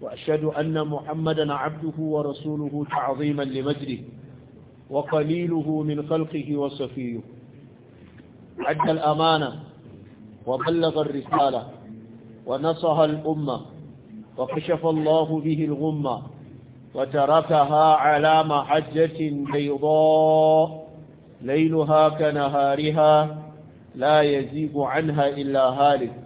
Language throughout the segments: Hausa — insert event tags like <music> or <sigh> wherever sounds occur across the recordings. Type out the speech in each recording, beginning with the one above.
وأشهد أن محمدا عبده ورسوله تعظيما لمجده وقليله من خلقه وصفيه أدى الأمانة وبلغ الرسالة ونصها الأمة وكشف الله به الغمة وتركها على محجة بيضاء ليلها كنهارها لا يزيغ عنها إلا هالك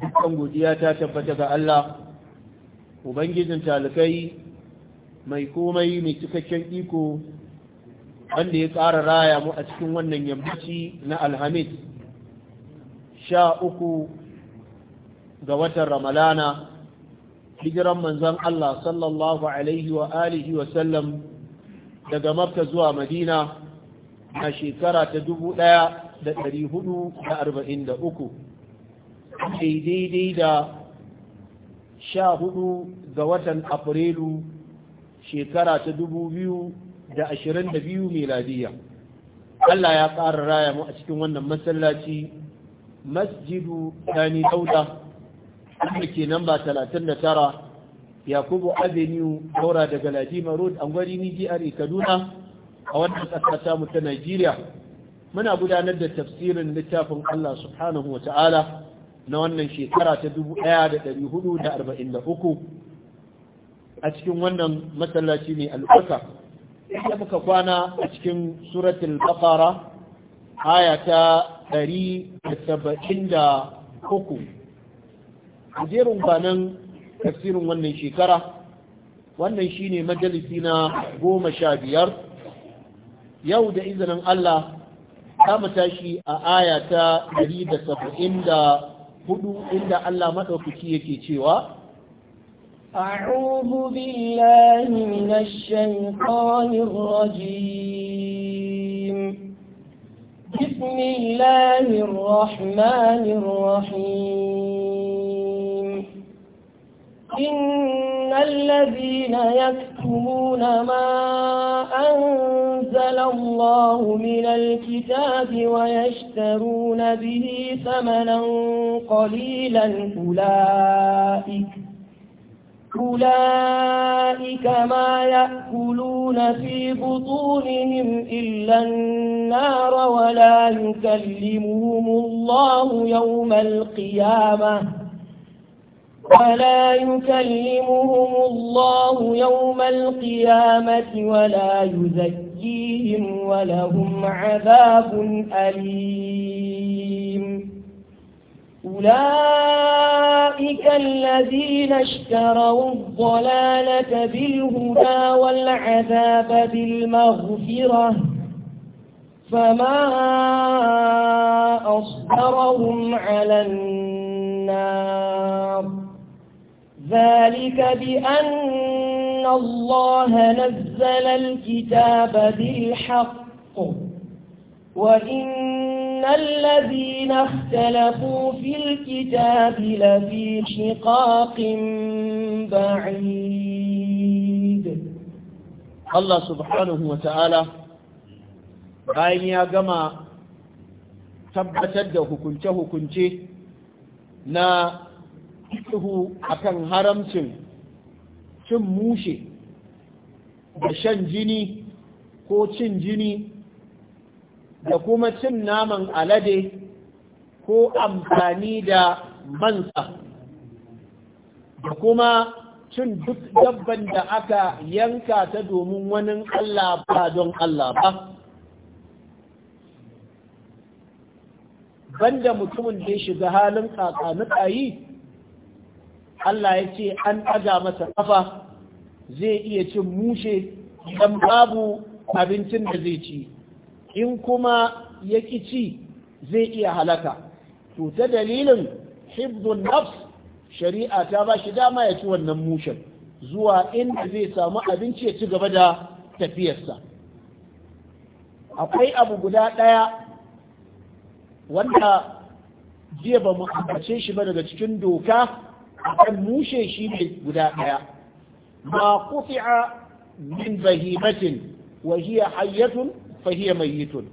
dukkan godiya ta tabbata ga Allah ubangijin talikai mai komai mai cikakken iko wanda ya ƙara raya mu a cikin wannan yammaci na alhamis sha uku ga watan ramalana hijiran manzon Allah sallallahu alaihi wa alihi wa sallam daga makka zuwa madina a shekara ta dubu ɗaya da da da ɗari hudu arba'in uku. bai daidai da sha hudu ga watan afrilu shekara ta dubu biyu da ashirin da biyu meladiya Allah ya ƙara raya mu a cikin wannan masallaci masjidu dani dauda wanda ke namba talatin da tara yakubu avenue daura daga ladima road an gwari ni jihar kaduna a wannan ƙasa mu ta Najeriya. muna gudanar da tafsirin littafin Allah subhanahu wa ta'ala na wannan shekara ta 1443 a cikin wannan masallaci ne albarka ya muka kwana a cikin suratul bakara haya ta 173 jerin banan tafsirin wannan shekara wannan shine majalisi na goma sha biyar yau da izinin Allah ta mu tashi a aya ta 174 hudu inda Allah maɗaukaki yake cewa أعوذ بالله من الشيطان الرجيم بسم الله الرحمن الرحيم إن الذين يكتمون ما أنزل الله من الكتاب ويشترون به ثمنا قليلا أولئك أولئك ما يأكلون في بطونهم إلا النار ولا يكلمهم الله يوم القيامة ولا يكلمهم الله يوم القيامة ولا يزكيهم ولهم عذاب أليم أولئك الذين اشتروا الضلالة بالهدى والعذاب بالمغفرة فما أصبرهم على النار ذلك بأن الله نزل الكتاب بالحق وإن الذين اختلفوا في الكتاب لفي شقاق بعيد الله سبحانه وتعالى bayan يا جماعة tabbatar da كنته hukunce a kan haramcin cin mushe da shan jini ko cin jini da kuma cin naman alade ko amfani da mansa da kuma cin duk dabban da aka yanka ta domin wani Allah ba don Allah ba banda mutumin da ya shiga halin kakanin ayi Allah ya ce an ɗaga masa ƙafa zai iya cin mushe don babu abincin da zai ci in kuma ya ƙi ci zai iya halaka to ta dalilin hibdun nafs shari'a ta ba shi dama ya ci wannan mushen zuwa inda zai samu abinci ya ci gaba da tafiyarsa akwai abu guda ɗaya wanda jiya ba mu ambace shi ba daga cikin doka akan mushe shi ne guda ɗaya ma quti'a min bahimatin wa hiya hayyatun fa hiya mayyitun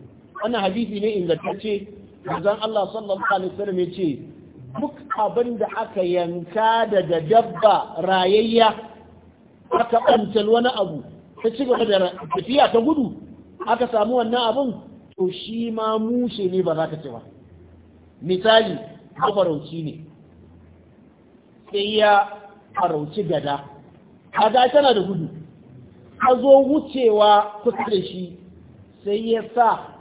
wannan hadisi ne ingantacce zan Allah sallallahu alaihi wasallam yace duk abin da aka yanka daga dabba rayayya aka ɓantar wani abu ta ci gaba da tafiya ta gudu aka samu wannan abun? to shi ma mushe ne ba za ka ci ba misali mafarauci ne sai ya farauci gada kaga tana da gudu ka zo wucewa kusa da shi sai ya sa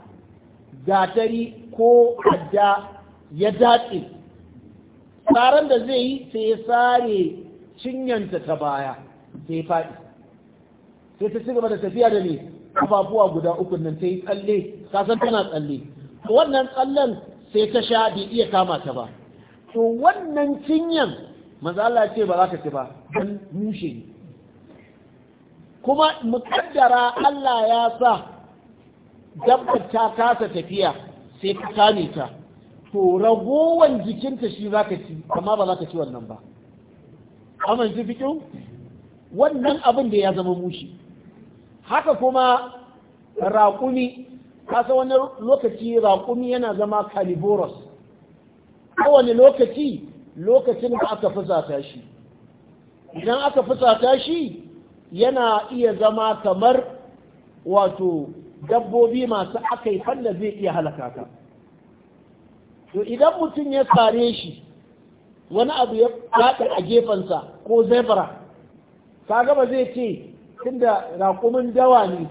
gatari ko adda ya datse tsaron da zai yi sai ya sare cinyanta ta baya sai faɗi sai ta cigaba da tafiya da ne kafafuwa guda uku nan ta yi tsalle kasan tana tsalle wannan tsallen sai ta sha bai iya kama ta ba to wannan cinyan manzo Allah ya ce ba za ka ci ba dan mushe ne kuma mukaddara Allah ya sa dabbar ta kasa tafiya sai ka kame ta to ragowan jikinta shi za ka ci amma ba za ka ci wannan ba amma ji fikin wannan abin da ya zama mushi haka kuma raƙumi kasa wani lokaci raƙumi yana zama Kaliboros, kowane lokaci lokacin da aka fusata shi idan aka fusata shi yana iya zama kamar wato dabbobi masu aka yi fanda zai iya halaka ka to idan mutum ya sare shi wani abu ya fada a gefensa ko zebra ta gaba zai ce tun da raƙumin dawa ne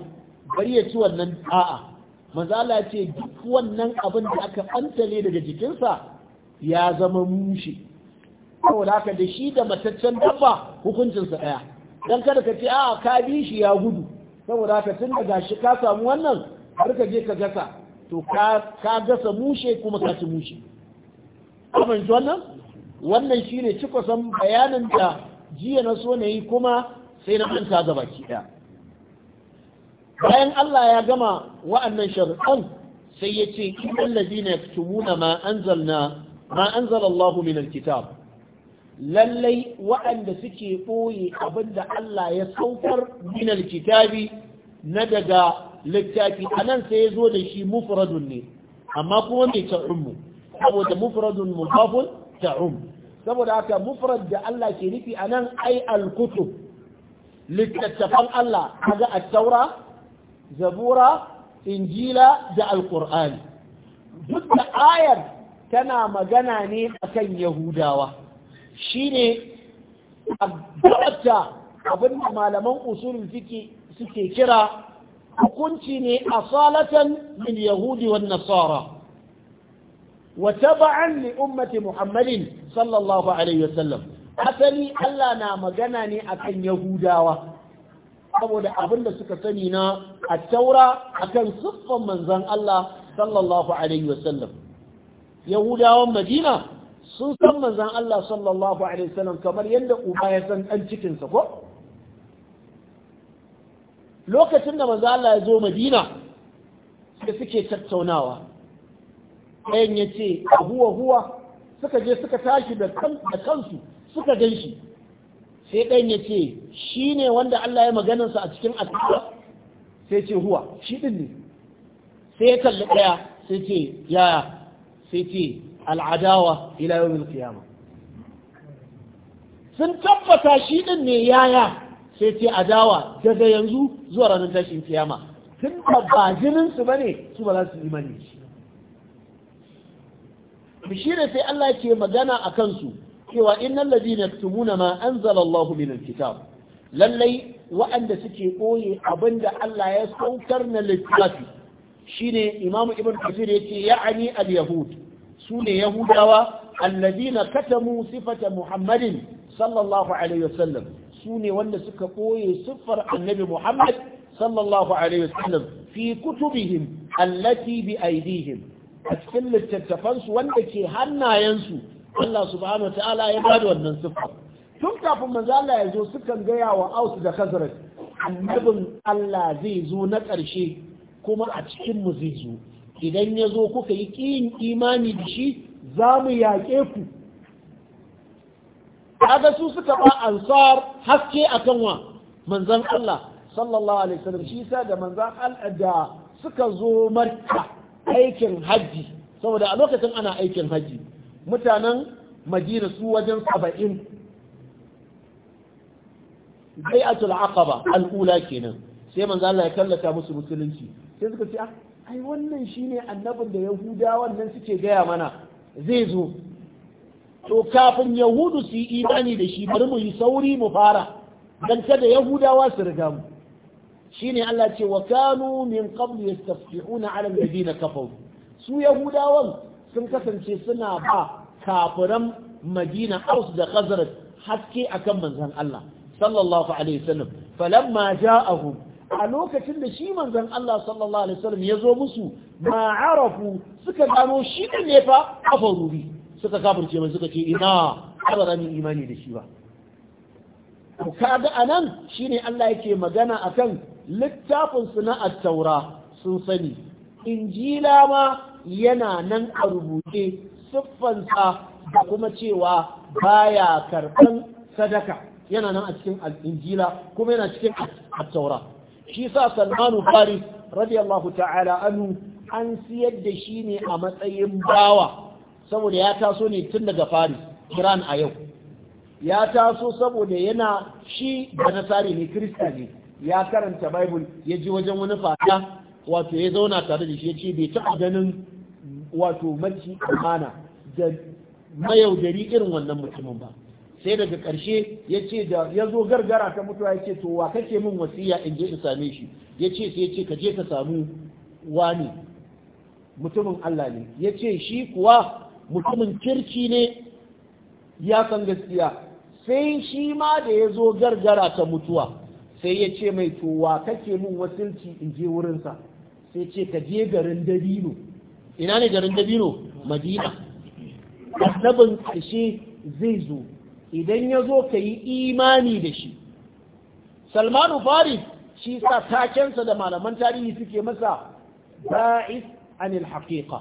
bari ya ci wannan a'a mazala ce duk wannan abin da aka ɓantale daga jikinsa ya zama mushi saboda haka da shi da mataccen dabba hukuncinsa ɗaya dan kada ka ce a ka bi shi ya gudu saboda haka tun daga shi ka samu wannan har ka je ka gasa to ka gasa mushe kuma ka ci mushe amince wannan wannan shine cikosan bayanin da jiya na so na yi kuma sai na manta ga baki ɗaya bayan Allah ya gama wa'annan sharuɗan sai ya ce in allazina yaktumuna ma anzalna ma anzala Allahu min lallai waɗanda suke ɓoye abinda Allah ya saukar minal kitabi na daga littafi a nan sai ya zo da shi mufradun ne amma kuma mai ta'ummu saboda mufradun mudafun ta'um saboda haka mufrad da Allah ke nufi a nan ai alkutub littattafan Allah kaga at-taura zabura injila da alqur'ani duk da ayar tana magana ne akan yahudawa shine abdata abin da malaman usulul fiqi suke kira hukunci ne salatan min yahudi wan nasara wa tab'an li ummati muhammadin sallallahu alaihi wasallam asali Allah na magana ne akan yahudawa saboda abin da suka sani na a taura akan siffan manzon Allah sallallahu alaihi wasallam yahudawan madina sun san manzan Allah sallallahu alaihi wasallam kamar yadda uba ya san ɗan cikinsa ko lokacin da manzan Allah ya zo Madina suka suke tattaunawa ɗayan ya ce huwa huwa suka je suka tashi da kansu suka gan shi sai ɗayan ya ce shi ne wanda Allah ya maganarsa a cikin asira sai ce huwa shi ɗin ne sai ya kalli ɗaya sai ce yaya sai ce al'adawa ila yawmin sun tabbata shi din ne yaya sai ce adawa daga yanzu zuwa ranar tashin kiyama tun da ba jinin su bane ba za su imani shi bishira sai Allah ke magana a kansu cewa innal ladina yaktumuna ma anzala Allah min alkitab lallai waɗanda suke ɓoye abinda Allah ya saukar na littafi shine imamu ibn kafir yace ya'ani al-yahud su ne yahudawa allazina katamu sifata muhammadin sallallahu alaihi wasallam su ne wanda suka koye siffar annabi muhammad sallallahu alaihi wasallam fi kutubihim allati bi aidihim a cikin littattafansu wanda ke hannayensu Allah subhanahu ta'ala ya bada wannan siffar tun kafin manzo Allah ya zo sukan gaya wa Aus da Khazraj annabin Allah zai zo na ƙarshe kuma a cikin mu zai zo idan ya zo kuka yi ƙin imani da shi za mu yaƙe ku kaga su suka ba ansar haske a kanwa manzan Allah sallallahu alaihi wasallam shi sa da manzan Allah da suka zo marka aikin hajji saboda a lokacin ana aikin hajji mutanen madina su wajen saba'in bai'atul aqaba al'ula kenan sai manzan Allah ya tallata musu musulunci sai suka ce ah, ai wannan shine annabin da yahudawan nan suke gaya mana zai zo to kafin yahudu su yi imani da shi bari mu yi sauri mu fara dan kada yahudawa su riga mu shine Allah ce wa kanu min qabl yastafihuna ala alladhina kafaru su yahudawan sun kasance suna ba kafiran madina aus da khazraj haske akan manzon Allah sallallahu alaihi wasallam falamma ja'ahum a lokacin da shi manzon Allah sallallahu alaihi wasallam ya zo musu ma suka gano shi ne fa kafaru bi suka kafirce mai suka ce ina abara ni imani da shi ba to kaga anan shine Allah yake magana akan littafin su na at-taura sun sani injila ma yana nan a rubuce siffansa da kuma cewa baya karɓan sadaka yana nan a cikin injila kuma yana cikin at shi sa salmanu fari radiyallahu ta'ala anu an siyar da shi ne a matsayin bawa saboda ya taso ne tun daga fari iran a yau ya taso saboda yana shi da nasari ne kirista ne ya karanta bible ya ji wajen wani fata wato ya zauna tare da shi ya ce bai taɓa ganin wato mace amana da mayaudari irin wannan mutumin ba sai daga ƙarshe ya ce da ya zo gargara ta mutuwa ya ce to wa kake min wasiya in je in same shi ya ce sai ya ce ka je ka samu wani mutumin Allah ne ya ce shi kuwa mutumin kirki ne ya san gaskiya sai shi ma da ya zo gargara ta mutuwa sai ya ce mai to wa kake min wasilci in je wurinsa sai ce ka je garin dabino ina ne garin dabino madina annabin ƙarshe zai zo idan ya zo ka yi imani da shi salmanu fari shi sa takensa da malaman tarihi suke masa ba'is anil haqiqa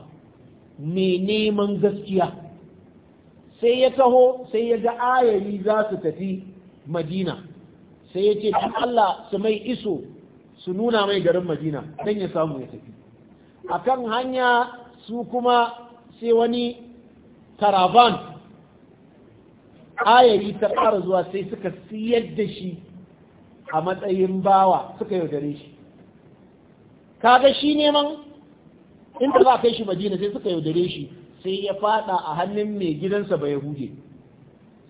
mai neman gaskiya sai ya taho sai ya ga ayari za su tafi madina sai ya ce Allah su mai iso su nuna mai garin madina don ya samu ya tafi akan hanya su kuma sai wani caravan ayari ta ƙara zuwa sai suka siyar da shi a matsayin bawa suka yaudare shi kaga shi neman inda za kai shi madina sai suka yaudare shi sai ya fada a hannun mai gidansa ba huje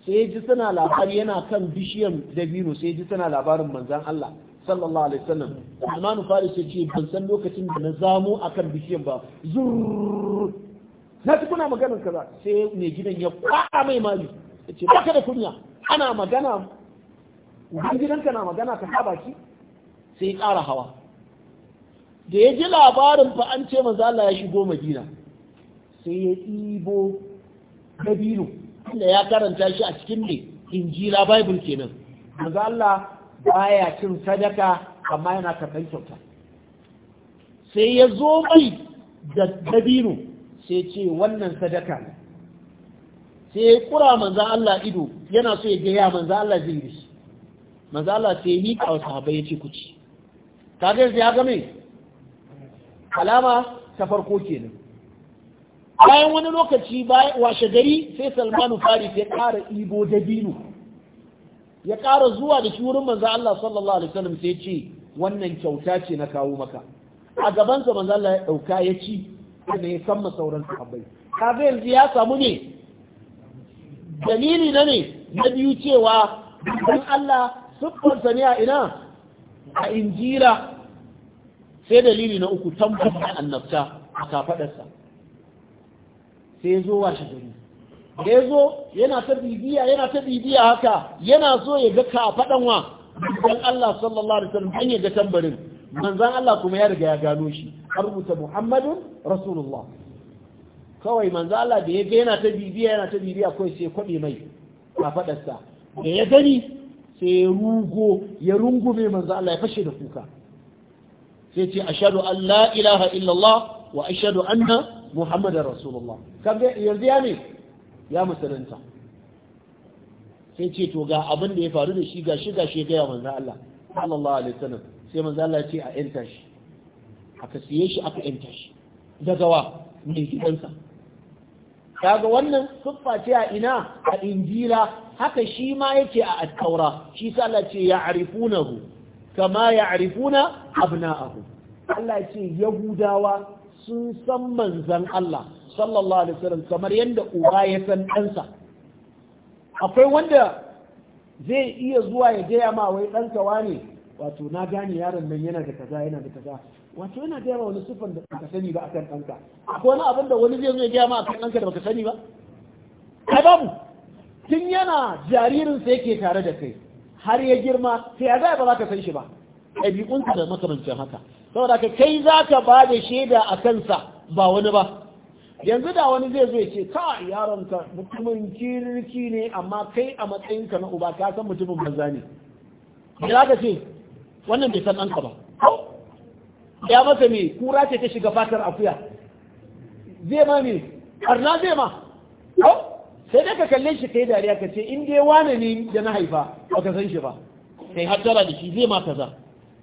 sai ji suna labari yana kan bishiyan dabino sai ji suna labarin manzan Allah sallallahu alaihi wasallam Salman Faris ya ce ban san lokacin da na zamo akan bishiyan ba zurr na tukuna maganar kaza sai mai gidan ya kwa mai mali yace baka da kunya ana magana uban gidanka na magana ka saba ki sai ya ƙara hawa da ya ji labarin fa an ce maza Allah ya shigo Madina sai ya ɗibo kabiru inda ya karanta shi a cikin ne injila bible kenan mazala Allah baya cin sadaka amma yana karɓar kyauta sai ya zo mai da dabino sai ce wannan sadaka ne sai ya kura manzan Allah ido yana so ya gaya manzan Allah zai yi shi manzan Allah sai ya yi kawo sahabai ya ce ku ci kaga ya ga mai alama ta farko kenan bayan wani lokaci washe gari sai salmanu faris ya ƙara ibo dabino ya ƙara zuwa da shi wurin manzan Allah sallallahu alaihi wasallam sai ya ce wannan kyauta ce na kawo maka a gabansa manzan Allah ya ɗauka ya ci wanda ya samma sauran sahabbai kaga yanzu ya samu ne dalili na ne na biyu cewa don Allah siffarsa ne a ina a injila sai dalili na uku tambata annabta a kafadarsa sai zo washe gari da ya zo yana ta bibiya yana ta bibiya haka yana so ya ga kafadan wa don Allah sallallahu alaihi wasallam an ya ga tambarin manzan Allah kuma ya riga ya gano shi har rubuta Muhammadun Rasulullah kawai manzo Allah da ya ga yana ta bibiya yana ta bibiya kawai sai kwabe mai a fadarsa da ya gani sai ya rugo ya rungume manzo Allah ya fashe da kuka sai ce ashhadu an la ilaha illallah wa ashhadu anna muhammadar rasulullah kaga yanzu ya ne ya musulunta sai ce to ga abin da ya faru da shi ga shi ga shi ga ya manzo Allah sallallahu alaihi wasallam sai manzo Allah ya ce a enta shi aka siye shi aka enta shi daga wa mai gidansa kaga wannan siffa ce a ina a injila haka shi ma yake a alkaura shi sa Allah ce hu kama ya abna abu. Allah ce yahudawa sun san manzan Allah sallallahu alaihi wasallam kamar yadda uba ya san ɗansa akwai wanda zai iya zuwa ya gaya ma wai ɗansa wane wato na gane yaron nan yana da kaza yana da kaza wato yana gaya ma wani sufan da baka sani ba akan ɗanka akwai wani abin da wani zai zo ya gaya ma akan ɗanka da baka sani ba kai mu tun yana jaririnsa yake tare da kai har ya girma sai ya zai ba za ka san shi ba ɗabi'unsa da makamancin haka saboda ka kai za ka ba da shaida a kansa ba wani ba yanzu da wani zai zo ya ce ka ka mutumin kirki ne amma kai a matsayinka na uba ka san mutumin banza ne da ka ce wannan bai san ɗanka ba ya masa me kura ce ta shiga fatar akuya zai ma me arna zai ma sai dai ka kalle shi kai dariya ka ce in dai wane ne da na haifa ba ka san shi ba kai hattara da shi zai ma kaza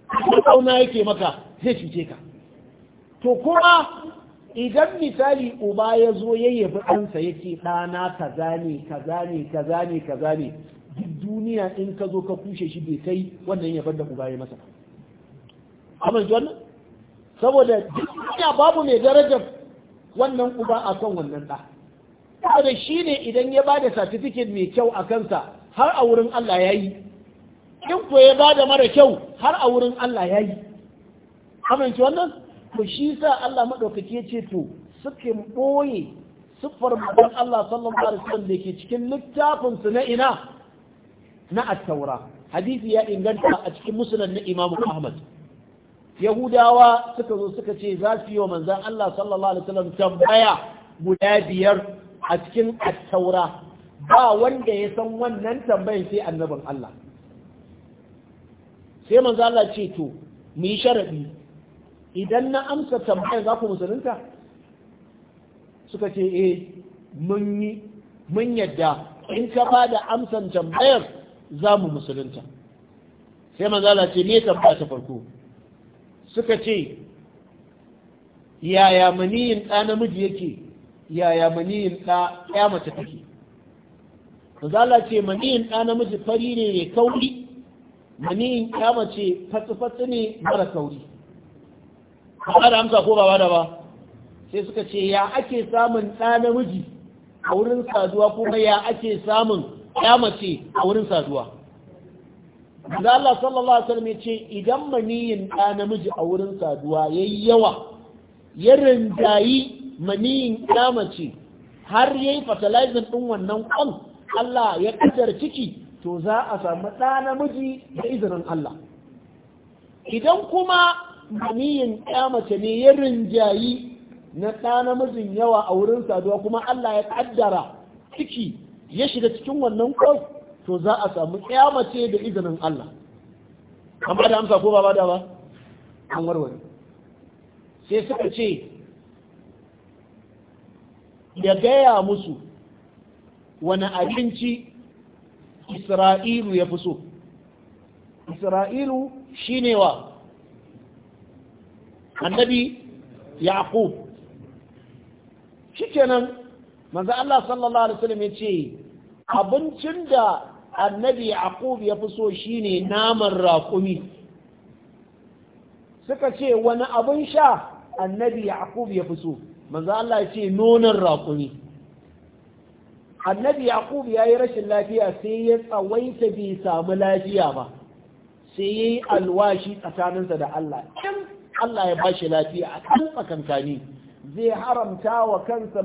ko kauna yake maka zai cuce ka to kuma idan misali uba ya zo ya yabi ɗansa ya ce ɗana kaza ne kaza ne kaza ne kaza ne duk duniya in ka zo ka kushe shi bai kai wannan yabar da uba ya masa saboda duniya babu mai darajar wannan uba a kan wannan ɗa saboda shi ne idan ya ba da satifikin mai kyau a kansa har a wurin Allah ya yi in ko ya ba da mara kyau har a wurin Allah ya yi amince wannan Ko shi sa Allah maɗaukaki ya ce to suke ɓoye siffar magan Allah sallallahu alaihi wasallam da ke cikin littafin na ina na at-taura hadisi ya inganta a cikin musulun na Imam Ahmad yahudawa suka zo suka ce za su yi wa manzan Allah sallallahu alaihi wasallam tambaya guda biyar a cikin attaura ba wanda ya san wannan tambayin sai annabin Allah sai manzan Allah ce to mu yi sharadi idan na amsa tambayar za ku musulunta suka ce eh mun yi mun yadda in ka ba da amsan tambayar za mu musulunta sai Manzala ce me tambaya ta farko suka ce yaya maniyin ɗa namiji yake yaya maniyin ɗa ya mace take zala ce maniyin ɗa namiji fari ne mai kauri maniyin ya mace fatsi-fatsi ne mara kauri ba da amsa ko ba da ba sai suka ce ya ake samun ɗa namiji a wurin saduwa kuma ya ake samun ya mace a wurin saduwa da Allah sallallahu alaihi wasallam ya ce idan maniyin ɗa namiji a wurin saduwa yayi yawa ya rinjayi maniyin ɗa mace har yayi fertilizer ɗin wannan ƙwan Allah ya ƙaddar ciki to za a samu ɗa namiji da izinin Allah idan kuma maniyin ɗa mace ne ya rinjayi na ɗa namijin yawa a wurin saduwa kuma Allah ya kaddara ciki ya shiga cikin wannan ƙwan. to za a samu kyamace da izinin Allah ba da amsa ko ba ba da ba an warware sai suka ce ya gaya musu wani abinci isra'ilu ya fi so isra'ilu shi ne wa annabi shi shikenan manzo Allah sallallahu alaihi wasallam ce abincin da annabi yaqub ya fi so shine naman raƙumi suka ce wani abin sha annabi yaqub ya fi so manzo Allah ya ce nonon raƙumi annabi yaqub ya yi rashin lafiya sai ya tsawaita bai samu lafiya ba sai ya yi alwashi tsakaninsa da Allah in Allah ya bashi lafiya a kan tsakankani zai haramta wa kansa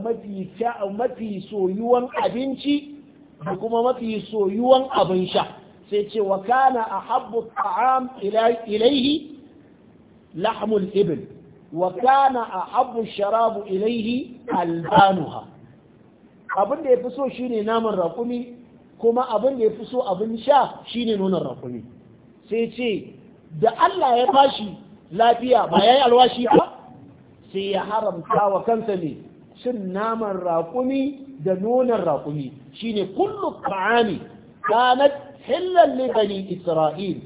mafi soyuwan abinci da kuma mafi soyuwan abin sha sai ce wa kana habbu ta'am ilaihi lahmul ibil wa kana habbu sharabu ilaihi albanuha abin da ya fi so shine naman raƙumi kuma abin da ya fi so abin sha shine nonon raƙumi sai ce da Allah ya fashi lafiya ba ya yi alwashi ba sai ya haramta wa kansa ne cin naman raƙumi da nonon raƙumi shine ne ta'ami kanat hillan li bani isra'il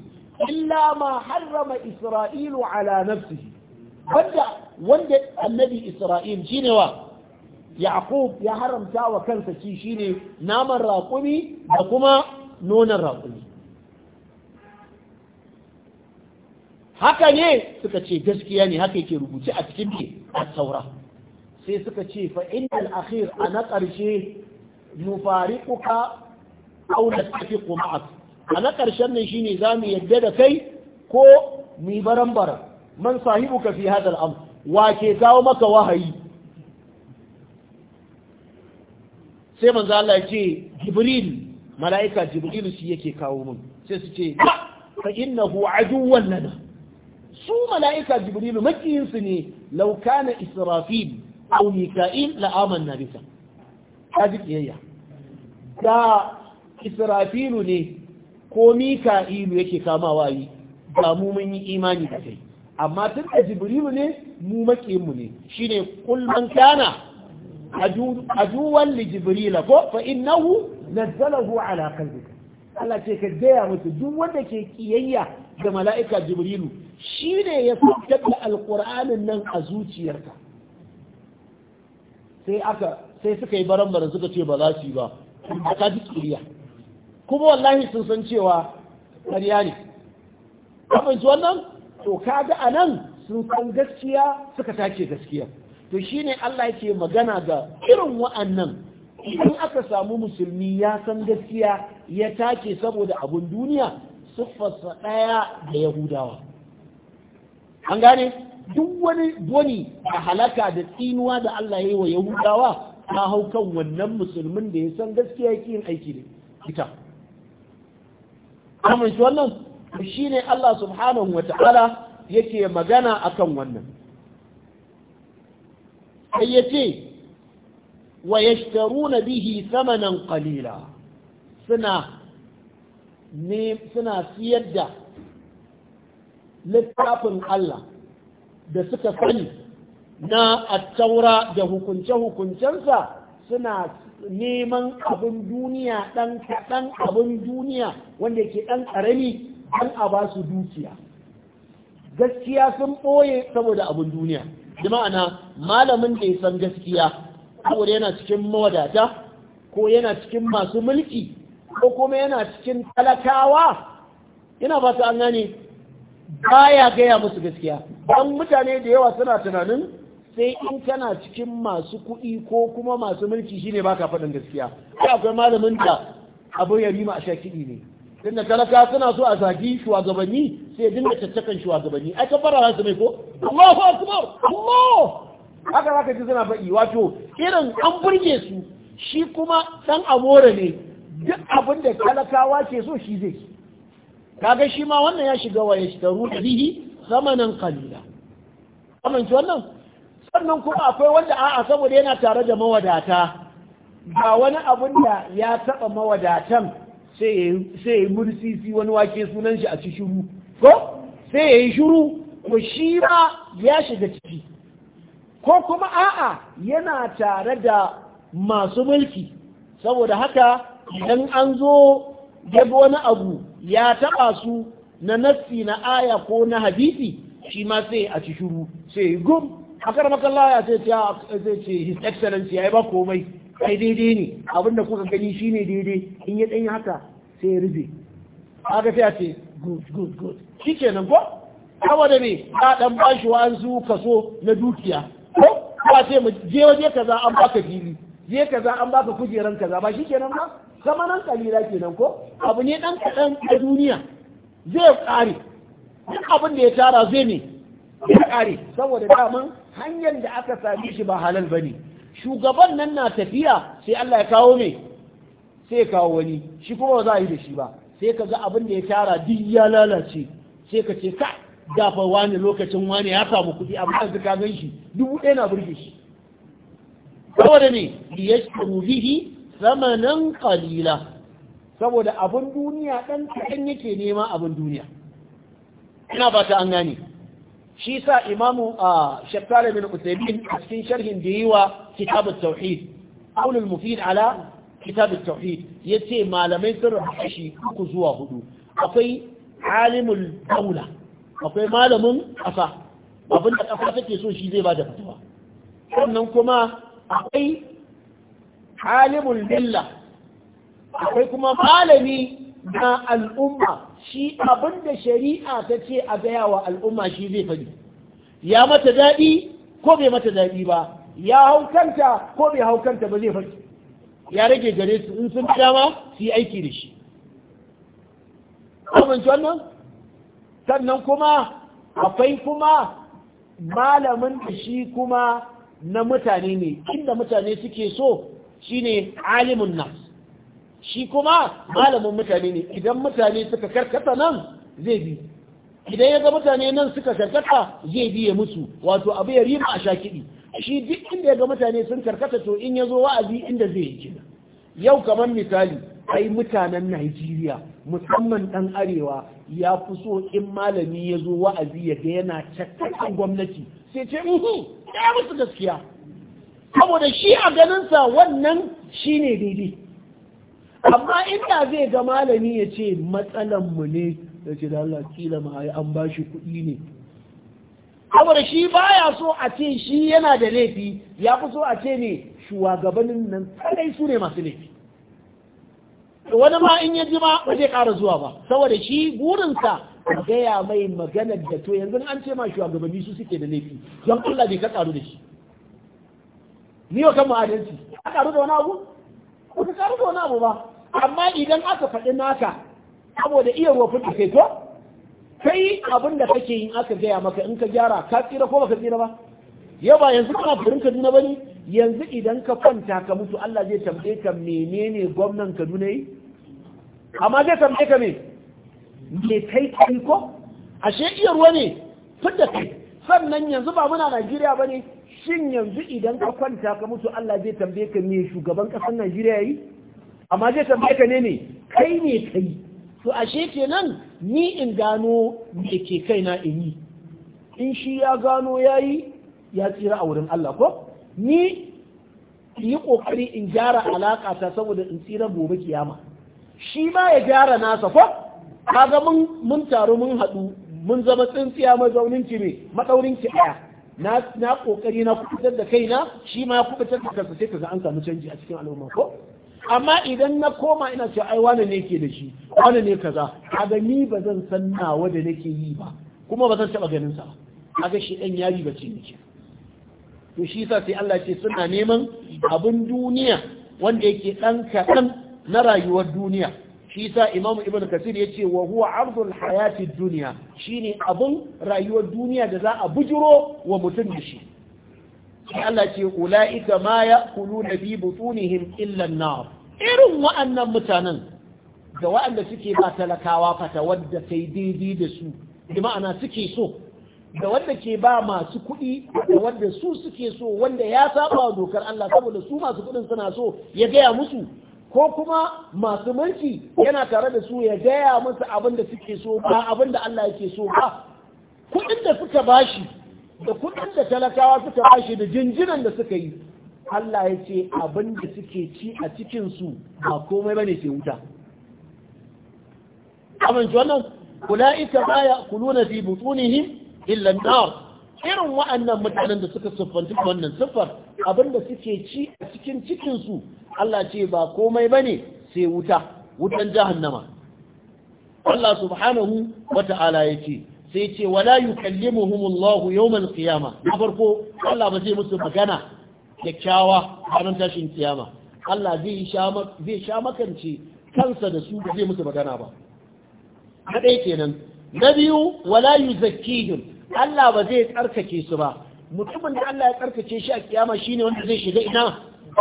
illa ma harrama isra'ilu ala nafsihi wanda wanda annabi isra'il shine wa yaqub ya haramta wa kansa shi ne naman raƙumi da kuma nonon raƙumi haka ne suka ce gaskiya ne haka yake rubuce a cikin ke a saura sai suka ce fa innal akhir a na ƙarshe nufariquka aw nattafiqu ma'ak a na shi nan shine zamu yadda da kai ko mi barambara man sahibuka fi hadal amr wa ke kawo maka wahayi sai manzo Allah ya ce jibril mala'ika jibril shi yake kawo mun sai su ce fa innahu aduwwan lana su mala'ika jibril makiyin ne law kana israfil aw mika'il la amanna bika ta kiyayya da israfilu ne ko mika'ilu yake kamawa yi ba mu mun yi imani da kai amma tun da jibrilu ne mu mu ne shine kul man kana a li jibrila ko fa innahu nazzalahu ala qalbika Allah ce ka gaya musu duk wanda ke kiyayya da mala'ika jibrilu Shi ne ya fitar da alqur'anin nan a zuciyarka sai aka sai suka yi baran bara suka ce ba za su yi ba a kaji kiriya kuma wallahi sun san cewa ƙarya ne kafinci wannan to kaga a nan sun san gaskiya suka take gaskiya to shi ne Allah yake magana ga irin wa'annan in aka samu musulmi ya san gaskiya ya take saboda abun duniya siffarsa ɗaya da yahudawa an gane duk wani boni a halaka da tsinuwa da Allah ya yi wa yahudawa ta hau kan wannan musulmin da ya san gaskiya yake yin aiki ne ita amince wannan shi ne Allah subhanahu wa ta'ala yake magana akan wannan sai ya ce wa na bihi samanan qalila suna siyar da littafin Allah da suka sani na attaura da hukunce-hukuncensa suna neman abin duniya ɗan kaɗan abin duniya wanda ke ɗan ƙarami ɗan a ba su dukiya gaskiya sun ɓoye saboda abin duniya da ma'ana malamin da ya san gaskiya saboda yana cikin mawadata ko yana cikin masu mulki ko kuma yana cikin talakawa yana ba ta an gane baya gaya musu gaskiya don mutane da yawa suna tunanin sai in kana cikin masu kuɗi ko kuma masu mulki shine baka faɗin gaskiya sai akwai malamin da abin yarima a shakiɗi ne da talaka suna so a zagi shugabanni sai ya dinga caccakan shugabanni ai kan fara su mai ko Allahu akbar Allah haka zaka ji suna faɗi wato irin an burge su shi kuma dan amore ne duk abin da talakawa ke so shi zai kaga shi ma wannan ya shiga wa ya shiga ruhi zamanan qalila amince wannan sannan kuma akwai wanda a'a saboda yana tare da mawadata ba wani abun da ya taba mawadatan sai ya yi mursisi wani wake sunan shi a ci shuru ko sai ya yi shuru ko shi ma ya shiga ciki ko kuma a'a yana tare da masu mulki saboda haka idan an zo gaba wani abu ya taba su na nassi na aya ko na hadisi shi ma sai a ci shuru sai gum da makalla ya ce ya zai ce his excellence ya yi ba komai ai daidai ne abinda da kuka gani shine daidai in ya ɗanyi haka sai ya rufe aka sai a ce good good good shi kenan ko saboda me ya ɗan ba shi wa'ansu kaso na dukiya ko ba ce mu je waje kaza an baka fili je kaza an baka kujeran kaza ba shi kenan ba zamanan kalila kenan ko abu ne ɗan kaɗan a duniya zai ƙare duk abin da ya tara zai ne ya ƙare saboda daman hanyar da aka sami shi ba halal ba ne shugaban nan na tafiya sai Allah ya kawo ne sai ya kawo wani shi kuma ba za a yi da shi ba sai ka ga abin da ya tara duk ya lalace sai ka ce ka dafa wani lokacin wani ya samu kuɗi amma yanzu ka gan shi dubu ɗaya na burge shi saboda ne liyashtaru bihi samanan qalila saboda abin duniya ɗan yake nema abin duniya ina fata an gane shi sa imamu a shakkala bin usaimin a cikin sharhin da yi wa kitabun tauhid aulul mufid ala kitabun tauhid ya ce malamai sun rubuta shi uku zuwa hudu akwai alimul daula akwai malamin ƙasa abin da ƙasa take so shi zai ba da fatawa sannan kuma akwai alimul lilla akwai kuma malami na al'umma shi abin da shari'a ta ce a gaya wa al'umma shi zai faɗi ya mata daɗi ko bai mata daɗi ba ya haukanta ko bai haukanta ba zai faɗi ya rage gare su in sun dama su yi aiki da shi wannan sannan kuma akwai kuma malamin da shi kuma na mutane ne inda mutane suke so shine alimun nasu shi kuma malamin mutane ne idan mutane suka karkata nan zai bi idan ya ga mutane nan suka karkata zai biye musu wato abu ya rima a shakiɗi shi duk inda yaga mutane sun karkata to in ya zo wa'azi inda zai yi kina yau kamar misali ai mutanen Najeriya musamman ɗan arewa ya fi so in malami ya zo wa'azi ya ga yana cakkakan gwamnati sai ce uhu ya musu gaskiya saboda shi a ganinsa wannan shine daidai amma inda zai ga malami ya ce matsalanmu ne da ce da Allah kila ma an ba shi kuɗi ne saboda shi baya so a ce shi yana da laifi ya fi so a ce ne shugabannin nan kadai su ne masu laifi wani ma in ya ji ma ba zai ƙara zuwa ba saboda shi burinsa gaya mai maganar da to yanzu an ce ma shugabanni su suke da laifi don Allah bai ka karu da shi ni wa kan ma'adanci ka karu da wani abu kuka ka ƙara wani abu ba amma idan aka faɗi naka saboda iya rufin da kai ko kai abin da kake yin aka gaya maka in ka gyara ka tsira ko baka tsira ba yau ba yanzu kana garin Kaduna bane yanzu idan ka kwanta ka mutu Allah zai tambaye ka menene gwamnan Kaduna yi amma zai tambaye ka me me kai kai ko ashe iya ruwa ne fitta kai sannan yanzu ba muna Najeriya bane shin yanzu idan ka kwanta ka mutu Allah zai tambaye ka ne shugaban kasar Najeriya yi amma zai tambaye ka ne ne kai ne kai to ashe kenan ni in gano me ke kai na in yi in shi ya gano yayi ya tsira a wurin Allah ko ni yi kokari in gyara alaka ta saboda in tsira gobe kiyama shi ma ya gyara nasa ko kaga mun mun taro mun haɗu mun zama tsintsiya mazaunin ki ne madaurin ki ɗaya na na kokari na kubutar da kaina shi ma ya kubutar da kansa sai ga an samu canji a cikin al'umma ko amma idan na koma ina cewa ai wane ne ke da shi wane ne kaza kaga ni ba zan san nawa da nake yi ba kuma ba zan taba ganin sa kaga shi dan yari bace ke. to shi yasa sai Allah ce suna neman abin duniya wanda yake dan kadan na rayuwar duniya shi sa imamu ibn kasir ya ce wa huwa arzul hayati duniya shine abun rayuwar duniya da za a bujiro wa mutum da shi Allah ce ula'ika ma ya'kuluna fi butunihim illa an-nar irin wa'annan mutanen da wa'anda suke ba talakawa fata wadda sai daidai da su bi ma'ana suke so da wanda ke ba masu kuɗi da wanda su suke so wanda ya saba dokar Allah saboda su masu kuɗin suna so ya gaya musu ko kuma masu mulki yana tare da su ya gaya musu abin da suke so ba abin da Allah yake so ba kuɗin da suka bashi da kuɗin da talakawa suka bashi da jinjinan da suka yi Allah ya ce abin da suke ci a cikin su ba komai bane ke wuta amince wannan ulaika ba ya kuluna fi butunihim illa nar irin wa'annan mutanen da suka siffanci wannan siffar abinda suke ci a cikin cikinsu Allah ce ba komai ba ne sai wuta wutan jahannama Allah subhanahu wa ta'ala ya ce sai ce wala kalli Allah yawmal kiyama. na farko Allah ba zai musu magana kyakkyawa ranar tashin kiyama Allah zai sha makance kansa da su ba zai musu magana ba na ɗaya kenan na biyu wala yuzakkihim Allah ba zai tsarkake su ba mutumin da Allah ya tsarkake shi a kiyama shine wanda zai shiga ina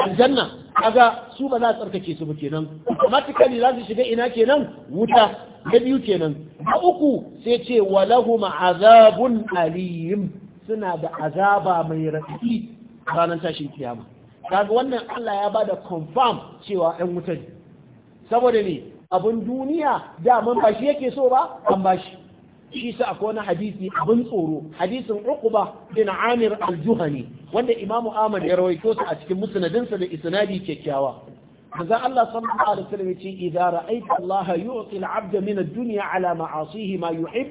aljanna kaga su ba za su tsarkake su ba kenan automatically za su shiga ina kenan wuta da biyu kenan a uku sai ce walahu ma'azabun alim suna da azaba mai rafi ranar tashin kiyama kaga wannan Allah ya bada confirm cewa ɗan wuta saboda ne abun duniya da mun ba shi yake so ba an bashi. shi sa akwai wani hadisi abin tsoro hadisin uquba bin amir al-juhani wanda imam ahmad ya rawaito sa a cikin sa da isnadi kyakkyawa kaza Allah sallallahu alaihi wasallam yace idza ra'aita Allah yu'ti al-'abd min ad-dunya ala ma'asihi ma yuhib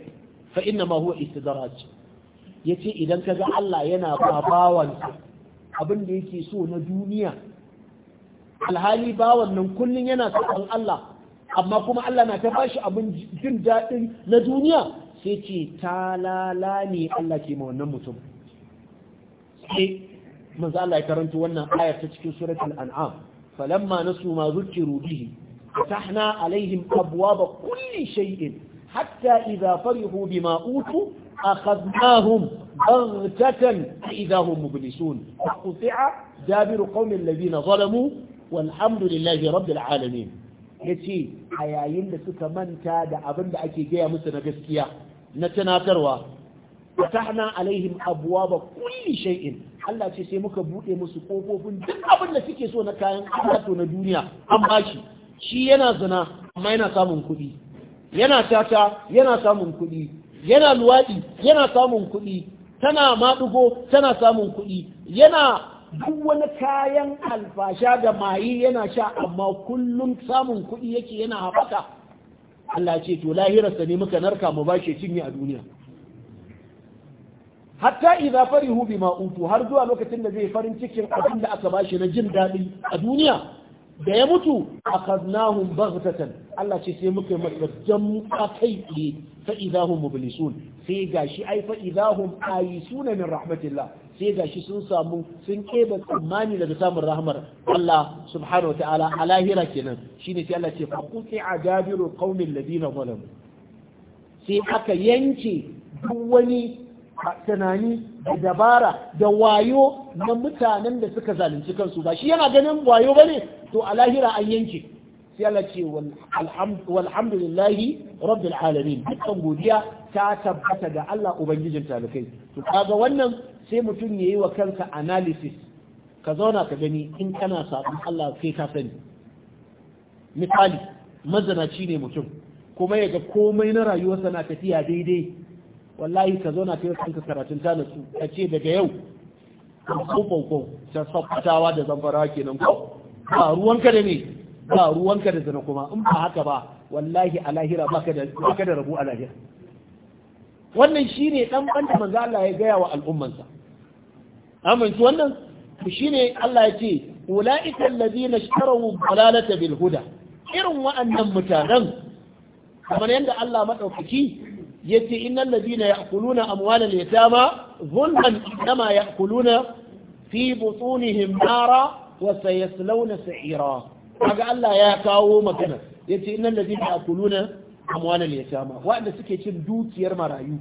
fa inna ma huwa istidraj yace idan kaga Allah yana ba abin da yake so na duniya alhali bawan nan kullun yana son Allah amma kuma Allah na ta bashi abin jin daɗin na duniya sai ce ta lalani Allah ke ma mutum sai manzo Allah ya karanto wannan ayar ta cikin suratul an'am falamma nasu ma zukiru bihi fatahna alaihim abwaba kulli shay'in hatta idza farihu bima utu akhadnahum بغتة إذا هم مبلسون فقطع دابر قوم الذين ظلموا والحمد لله رب yace a yayin da suka manta da abin da ake gaya musu na gaskiya na tunatarwa fatahna alaihim abwaba kulli shay'in Allah ce sai muka bude musu kofofin duk abin da suke so na kayan wato na duniya an bashi shi yana zina amma yana samun kuɗi yana tata yana samun kuɗi yana luwaɗi yana samun kuɗi tana maɗigo, tana samun kuɗi yana duk wani kayan alfasha da mayi yana sha amma kullum samun kuɗi yake yana haɓaka Allah ce to lahirarsa ne muka narka mu bashi cinye a duniya hatta idza farihu bima utu har zuwa lokacin da zai farin cikin abin da aka bashi na jin daɗi a duniya da ya mutu akhadnahum baghtatan Allah ce sai muka masa jam'a kai ne fa idahum mublisun sai gashi ai fa idahum ayisuna min rahmatillah sai gashi sun samu sun keba tsammani daga samun rahmar Allah subhanahu wataala a lahira kenan shine sai Allah ce fa quti adabiru qaumil ladina zalamu sai aka yanke duk wani tunani da dabara da wayo na mutanen da suka zalunci kansu ba shi yana ganin wayo bane to a lahira an yanke sai Allah ce walhamdulillahi rabbil alamin dukkan godiya ta tabbata ga Allah ubangijin talakai to kaga wannan sai mutum ya yi wa kanka analysis ka zauna ka gani in kana sabon Allah kai ka sani misali mazanaci ne mutum kuma ya ga komai na rayuwarsa na tafiya daidai wallahi ka zauna ka yi kanka karatun ta nasu ka ce daga yau ko ta sabbatawa da zamfara kenan ko ba ruwanka da ne ba ruwanka da zana kuma in ba haka ba wallahi a lahira baka da a lahira wannan shine dan banda manzo Allah ya gaya wa al'ummansa amince wannan shine Allah ya ce ulaika allazina ishtaraw dalalata bil huda irin wa'annan mutanen kamar yadda Allah madaukaki yace innal ladina ya'kuluna amwalal yatama zulman kama ya'kuluna fi butunihim nara wa sayaslawna sa'ira kaga Allah ya kawo magana yace innal ladina ya'kuluna amwalal yatama wa'anda suke cin dukiyar marayu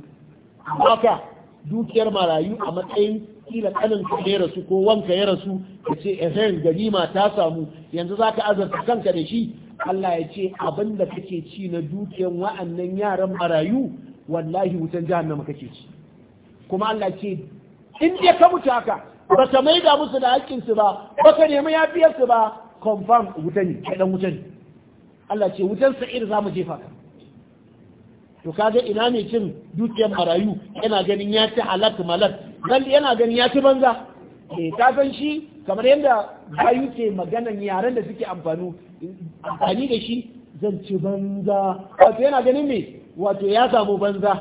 haka dukiyar marayu a matsayin kila kanin ka ya rasu ko wanka ya rasu ka ce ehem ganima ta samu yanzu za ka azarta kanka da shi Allah ya ce abin da kake ci na dukiyan wa'annan yaran marayu wallahi wutan jahannama kake ci kuma Allah ce in dai ka mutu haka ba ka maida musu da haƙƙinsu ba ba ka nemi su ba confirm wuta ne kai dan wuta ne Allah ce wutan sa'ir za mu jefa ka to kaga ina ne cin dukiyan marayu yana ganin ya ci halak malat gandi yana gani ya ci banza eh ta san shi kamar yadda bayu ke maganan yaren da suke amfani amfani da shi zan ci banza wato yana ganin me wato ya samu banza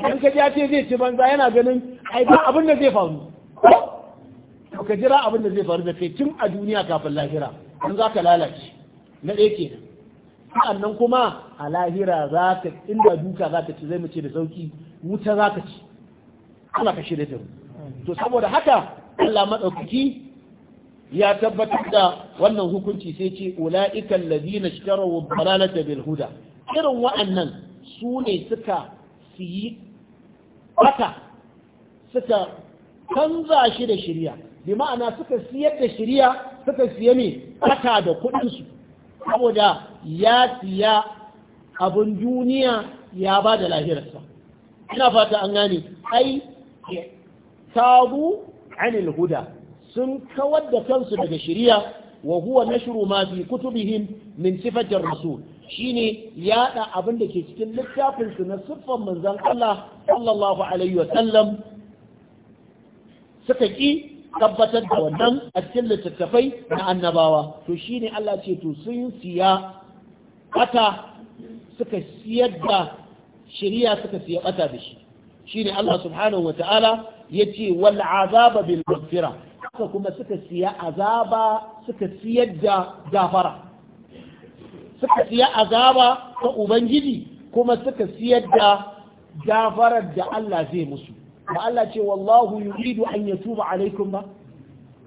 idan ka ya ce zai ci banza yana ganin ai ba abin da zai faru ko ka jira abin da zai faru da kai tun a duniya kafin lahira an za ka lalace na ɗaya kenan sa'annan kuma a lahira za ka inda duka za ka ci zai mace da sauki wuta za ka ci Allah ka shirya da mu to saboda haka Allah madaukaki ya tabbatar da wannan hukunci sai ce ula'ikal ladina ishtaraw dalalata bil huda irin wa'annan su ne suka siyi bata suka canza shi da shirya bi ma'ana suka siyar da shirya suka siya ne bata da kudin su saboda ya siya abun duniya ya ba da lahirarsa ina fata an gane ai tabu anil huda sun kawar da kansu daga shiriya. wa huwa nashru ma fi kutubihim min sifatir rasul shine yada abin da ke cikin littafin su na siffar manzon Allah sallallahu alaihi wa sallam suka ki tabbatar da wannan a cikin littattafai na annabawa to shine Allah ce to sun siya bata suka siyar da shiriya suka siya bata da shi shine Allah subhanahu wataala ce wal azaba bil maghfira haka kuma suka siya azaba suka siyar da gafara suka siya azaba ta ubangiji kuma suka siyar da gafarar da Allah zai musu ba Allah ce wallahu yuridu an yatuba alaikum ba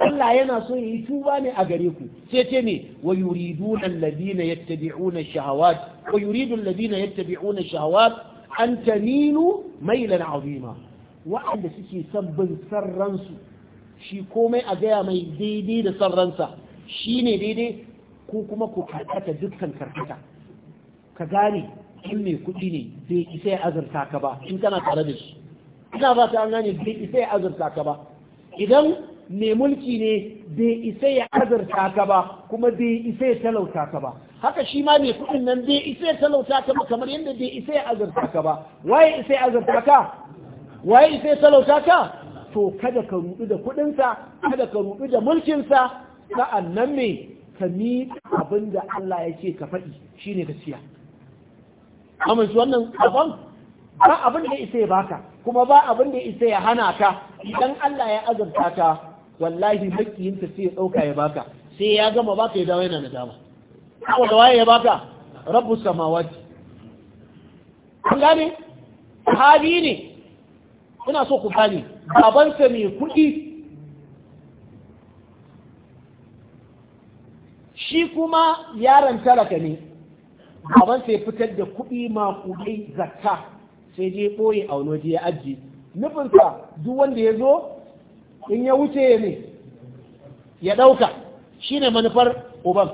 Allah yana so yi tuba ne a gare ku sai ce ne wa ladina ya yattabi'una shahawat wa yuridu ya yattabi'una shahawat an tamilu mailan azima wa'anda suke son bin sarransu shi komai a gaya mai daidai da sarransa shi ne daidai ko kuma ku karkata dukkan karkata ka gane in mai kuɗi ne bai isa ya azurta ka ba in kana tare da shi ina ba ta an gane bai isa ya azurta ka ba idan mai mulki ne bai isa ya azurta ka ba kuma bai isa ya talauta ka ba haka shi ma mai kuɗin nan bai isa ya talauta ka ba kamar yadda bai isa ya azurta ka ba waye isa ya azurta ka waye isa ya talauta ka to kada ka rudu da kuɗinsa kada ka rudu da mulkinsa sa'an nan me ka miƙa abin da Allah ya ce ka faɗi shine gaskiya amma shi wannan abin ba abin da isa ya baka kuma ba abin da isa ya hana ka idan Allah ya azurta ka wallahi makiyinta sai ya ɗauka ya baka sai ya gama baka ya dawo yana nadama dama da waye ya baka rabu samawati kun gane sahabi ne ina so ku gane babansa mai kuɗi shi kuma yaron talaka ne babansa ya fitar da kuɗi maƙudai zakka sai je ɓoye a wani waje ya ajiye nufinsa duk wanda ya zo in ya wuce ya ne ya ɗauka shi ne manufar uban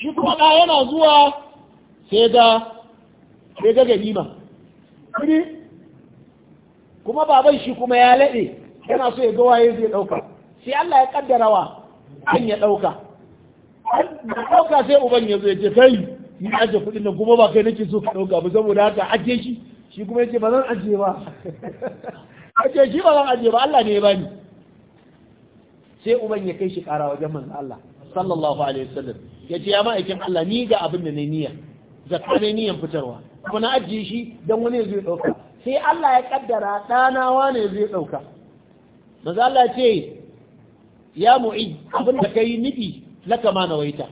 shi kuma ɗaya yana zuwa sai ga sai ga ganima kuri kuma baban shi kuma ya laɗe yana so ya ga waye zai ɗauka sai Allah ya ƙaddara wa an ya ɗauka da ɗauka sai uban ya zo ya ce kai ni ajiye kuɗin nan kuma ba kai nake so ka ɗauka ba saboda haka ajiye shi shi kuma yake ba zan ajiye ba <laughs> ajiye shi ba zan ajiye ba Allah ne ya bani sai uban ya kai shi ƙara wajen manzo Allah sallallahu alaihi wasallam ya ce ya ma'aikin Allah ni ga abin da na niyya zakka ne niyyan fitarwa kuma na ajiye shi don wani ya zai ɗauka sai Allah ya kaddara ɗanawa ne zai ɗauka maza Allah ce ya mu'i abin da ka yi nufi laka ma nawaita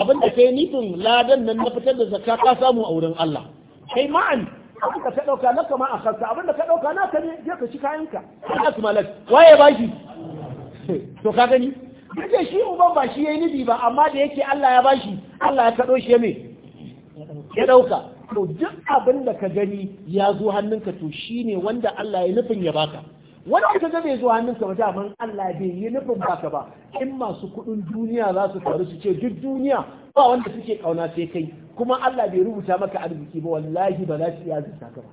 abin da ka yi nufin ladan nan na fitar da zakka ka samu a wurin Allah kai ma'an abin da ka ɗauka laka ma a kanka abin da ka ɗauka na ka ne je ka shi kayanka ka malak waye baki to ka gani da shi uban ba shi ya yi ba amma da yake Allah ya bashi Allah ya kaɗo shi ya ya ɗauka to duk abin da ka gani ya zo hannunka to shi ne wanda Allah ya nufin ya baka wanda ka ga bai zo hannunka ba daman Allah bai yi nufin baka ba in masu kuɗin duniya za su faru su ce duk duniya ba wanda suke ƙauna sai kai kuma Allah bai rubuta maka arziki ba wallahi ba za su iya arzika ka ba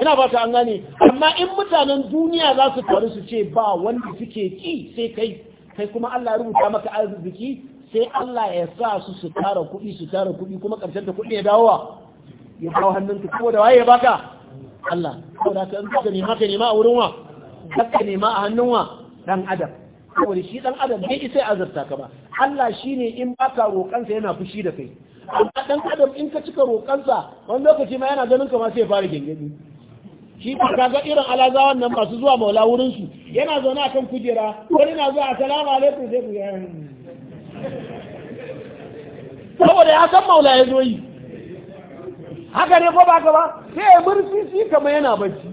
ina ba ta an gane amma in mutanen duniya za su faru su ce ba wanda suke ki sai kai kai kuma Allah ya rubuta maka arziki sai Allah ya sa su su tara kuɗi su tara kuɗi kuma ƙarshen ta kuɗi ya dawo ya kawo hannunka kuma da waye baka Allah saboda ka in ka nema ka nema a wurin wa ka nema a hannun wa dan adam saboda shi dan adam bai isa azurta ka ba Allah shine in baka roƙansa yana fushi da kai amma dan adam in ka cika roƙansa wani lokaci ma yana ganin ka ma sai ya fara gengedi shi ba kaga irin alazawan nan masu zuwa maula wurin su yana zaune akan kujera wani na zuwa assalamu alaikum sai ku saboda ya san maula ya zo yi haka ne ko ba ka ba sai ya murfi shi kamar yana bacci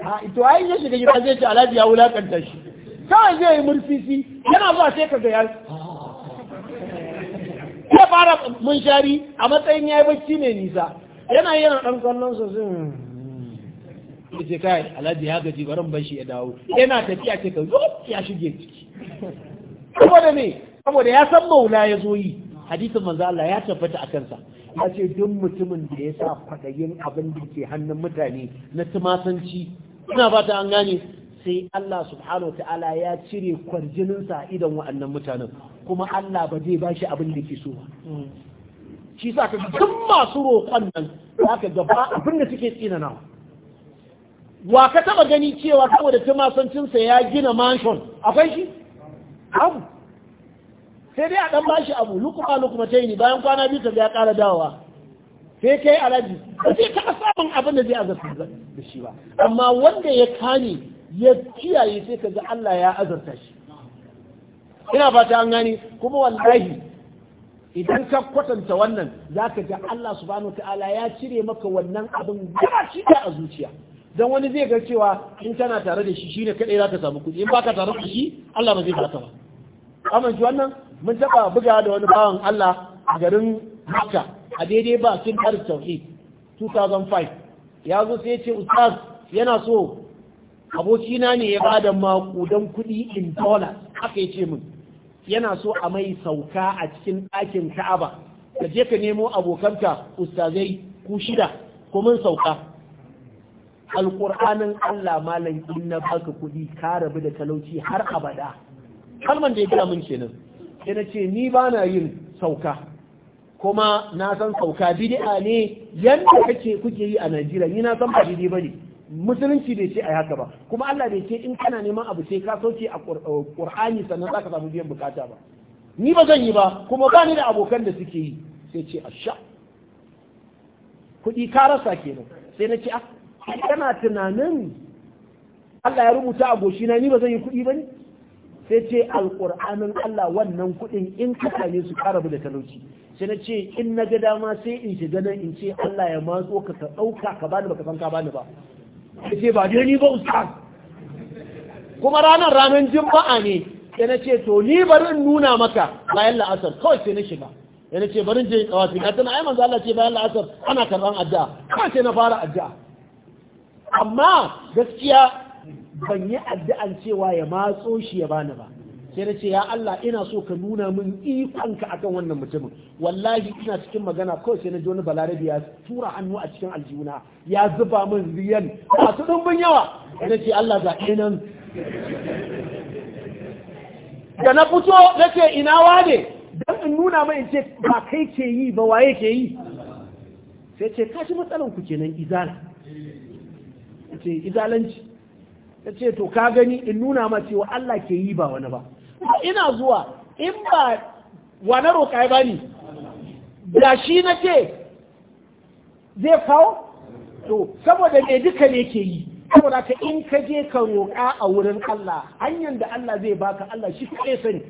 a ito ne ya shiga gida zai ci alaji ya wulakanta shi kawai zai yi murfi shi yana zuwa sai ka ga ya ya fara munshari a matsayin ya yi bacci mai nisa yana yana ɗan kallon su sun hmm. ce kai alhaji ya gaji barin bashi ya dawo yana tafiya ce ka zo ya shige ciki saboda ne saboda ya san maula ya zo yi hadisin manzo ya tabbata a kansa ya ce duk mutumin da ya sa fadayin abin da ke hannun mutane na tumasanci ina fata an gane sai Allah subhanahu ta'ala ya cire kwarjininsa idan wa'annan mutanen kuma Allah ba zai bashi abin da ke so ba shi sa ka duk masu roƙon nan za ka gaba abin da suke nawa? wa ka taba gani cewa saboda masancinsa ya gina mansion akwai shi abu sai dai a ɗan bashi abu lukuma lukuma ta yi bayan kwana biyu ta ya ƙara dawowa sai ka yi alaji ba sai taɓa samun abin da zai azarta da shi ba amma wanda ya kane ya kiyaye sai ka ga Allah ya azarta shi ina fata an gani kuma wallahi idan ka kwatanta wannan za ka ga Allah subhanahu ta'ala ya cire maka wannan abin gaba shi a zuciya Don wani zai ga cewa in tana tare da shi shine kadai za ka samu kuɗi in baka tare da shi Allah ba zai baka ba amma shi wannan mun taba buga da wani bawan Allah a garin Makka a daidai ba sun dar tauhid 2005 ya zo sai ya ce ustaz yana so abokina ne ya bada makudan kuɗi in dollar haka yace ce min yana so a mai sauka a cikin ɗakin ka'aba ka je ka nemo abokanka ustazai ku shida ko mun sauka alƙur'anin Allah malam in na baka kuɗi ka rabu da talauci har abada kalman da ya gina min kenan sai ce ni ba na yin sauka kuma na san sauka bid'a ne yanda kake kuke yi a Najeriya ni na san ba daidai bane musulunci bai ce a haka ba kuma Allah bai ce in kana neman abu sai ka sauke a uh, Qur'ani sannan zaka samu biyan bukata ba ni ba zan yi ba kuma ba ni da abokan da suke yi sai ce a sha kuɗi ka rasa kenan sai na ce a ah, kana tunanin Allah ya rubuta a goshina ni ba zan yi kuɗi ba ne sai ce alƙur'anin Allah wannan kuɗin in ka same su ka rabu da talauci sai na ce in na ga dama sai in shiga nan in ce Allah ya matso ka ka ɗauka ka bani baka san ka bani ba ce ba dai ni ba ustaz kuma ranar ranar juma'a ne sai na ce to ni bari in nuna maka bayan la'asar kawai sai na shiga sai na ce bari in je kawafi na tana ai manzo Allah ce bayan la'asar ana karban addu'a kawai sai na fara addu'a amma gaskiya ban yi addu'an cewa ya matso shi ya bani ba sai na ce ya Allah ina so ka nuna min ikonka akan wannan mutumin wallahi ina cikin magana kawai sai na ji wani balarabi ya tura hannu a cikin aljihuna ya zuba min riyan masu dumbin yawa na ce Allah zaɓe nan da na fito na ce ina wane don in nuna mai ce ba kai ke yi ba waye ke yi sai ce kashi matsalan ku kenan izala ce izalanci ta ce to ka gani in nuna ma cewa Allah ke yi ba wani ba ina zuwa in ba wa na roƙa ya bani da shi na ce zai kawo to saboda me duka ne ke yi saboda ka in ka je ka roƙa a wurin Allah hanyar da Allah zai baka Allah shi kuɗe sani